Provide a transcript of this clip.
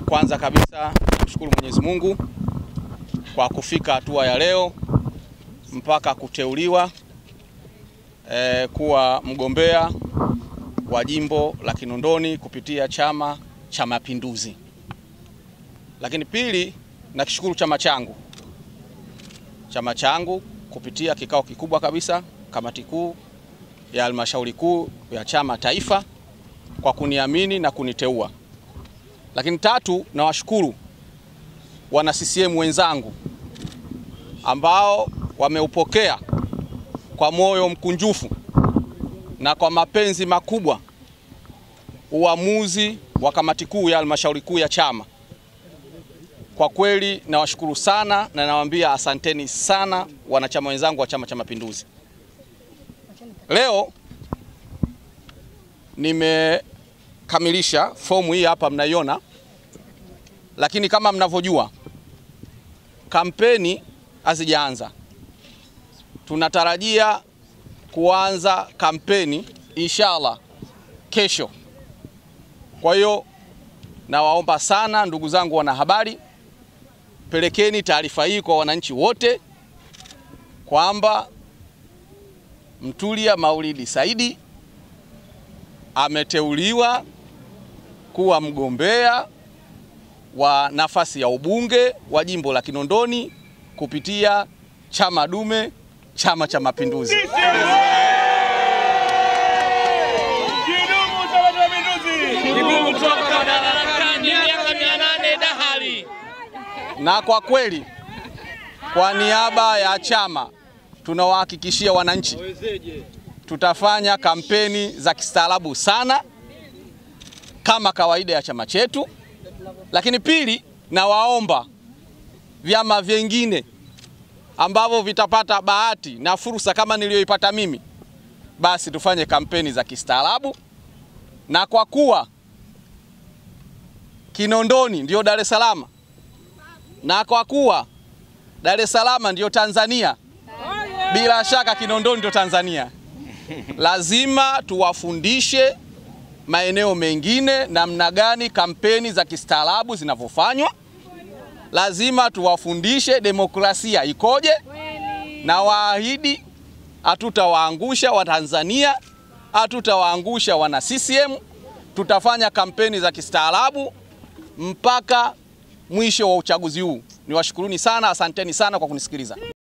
kwanza kabisa namshukuru Mwenyezi Mungu kwa kufika hatua ya leo mpaka kuteuliwa e, kuwa mgombea wa jimbo la Kinondoni kupitia Chama cha Mapinduzi. Lakini pili, nakishukuru chama changu chama changu kupitia kikao kikubwa kabisa kamati kuu ya halmashauri kuu ya chama taifa kwa kuniamini na kuniteua. Lakini tatu, nawashukuru wana CCM wenzangu ambao wameupokea kwa moyo mkunjufu na kwa mapenzi makubwa uamuzi wa kamati kuu ya halmashauri kuu ya chama. Kwa kweli nawashukuru sana na nawaambia asanteni sana wanachama wenzangu wa Chama cha Mapinduzi. Leo nimekamilisha fomu hii hapa mnaiona. Lakini kama mnavyojua, kampeni hazijaanza. Tunatarajia kuanza kampeni inshallah kesho. Kwa hiyo nawaomba sana ndugu zangu wanahabari, pelekeni taarifa hii kwa wananchi wote kwamba Mtulia Maulidi Saidi ameteuliwa kuwa mgombea wa nafasi ya ubunge wa jimbo la Kinondoni kupitia chama dume Chama cha Mapinduzi. Na kwa kweli kwa niaba ya chama tunawahakikishia wananchi tutafanya kampeni za kistaarabu sana kama kawaida ya chama chetu. Lakini pili, nawaomba vyama vyengine ambavyo vitapata bahati na fursa kama niliyoipata mimi, basi tufanye kampeni za kistaarabu, na kwa kuwa Kinondoni ndiyo Dar es Salaam na kwa kuwa Dar es Salaam ndiyo Tanzania, bila shaka Kinondoni ndio Tanzania. Lazima tuwafundishe maeneo mengine, namna gani kampeni za kistaarabu zinavyofanywa. Lazima tuwafundishe demokrasia ikoje, na waahidi hatutawaangusha Watanzania, hatutawaangusha wana CCM. Tutafanya kampeni za kistaarabu mpaka mwisho wa uchaguzi huu. Niwashukuruni sana, asanteni sana kwa kunisikiliza.